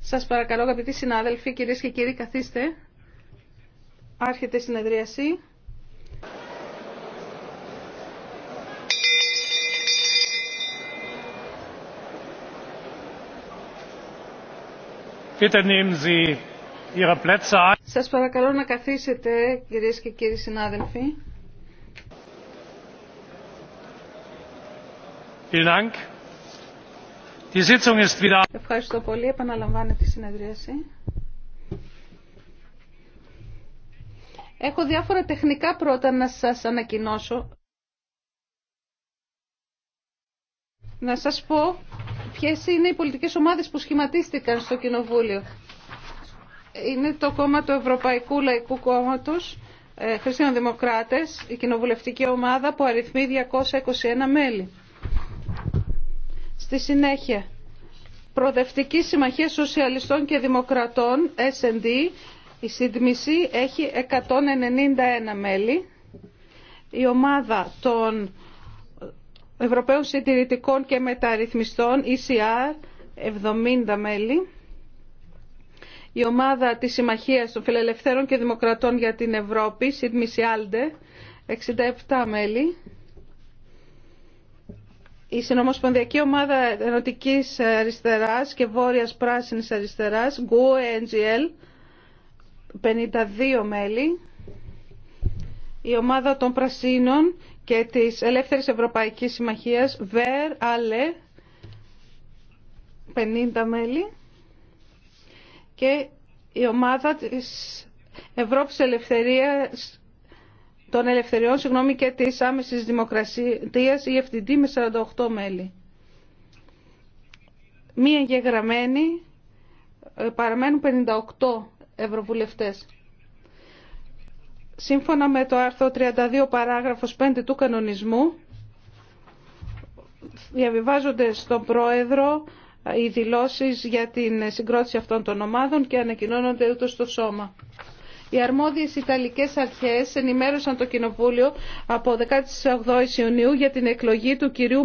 Σας παρακαλώ αγαπητοί συνάδελφοι, κυρίες και κύριοι, καθίστε. Άρχεται η συνεδρίαση. Σας παρακαλώ να καθίσετε, κυρίες και κύριοι συνάδελφοι. Vielen Dank. Ευχαριστώ πολύ. Επαναλαμβάνεται τη συνεδρίαση. Έχω διάφορα τεχνικά πρώτα να σας ανακοινώσω. Να σας πω ποιες είναι οι πολιτικές ομάδες που σχηματίστηκαν στο Κοινοβούλιο. Είναι το κόμμα του Ευρωπαϊκού Λαϊκού Κόμματος, ε, Χριστιανοδημοκράτες, η κοινοβουλευτική ομάδα που αριθμεί 221 μέλη. Στη συνέχεια, Προοδευτική Συμμαχία Σοσιαλιστών και Δημοκρατών, S&D, η σύντμηση έχει 191 μέλη. Η ομάδα των Ευρωπαίων Συντηρητικών και Μεταρρυθμιστών, ECR, 70 μέλη. Η ομάδα της Συμμαχίας των Φιλελευθέρων και Δημοκρατών για την Ευρώπη, σύντμηση 67 μέλη η Συνομοσπονδιακή Ομάδα Ενωτικής Αριστεράς και Βόρειας Πράσινης Αριστεράς, GUE-NGL, 52 μέλη. Η Ομάδα των Πρασίνων και της Ελεύθερης Ευρωπαϊκής Συμμαχίας, ΒΕΡ, Ale 50 μέλη. Και η Ομάδα της Ευρώπης Ελευθερίας των ελευθεριών συγγνώμη, και της άμεσης δημοκρατίας η FTD με 48 μέλη. Μία εγγεγραμμένη ε, παραμένουν 58 ευρωβουλευτές. Σύμφωνα με το άρθρο 32 παράγραφος 5 του κανονισμού διαβιβάζονται στον Πρόεδρο ε, οι δηλώσεις για την συγκρότηση αυτών των ομάδων και ανακοινώνονται ούτως στο σώμα. Οι αρμόδιες Ιταλικές αρχές ενημέρωσαν το Κοινοβούλιο από 18 Ιουνίου για την εκλογή του κυρίου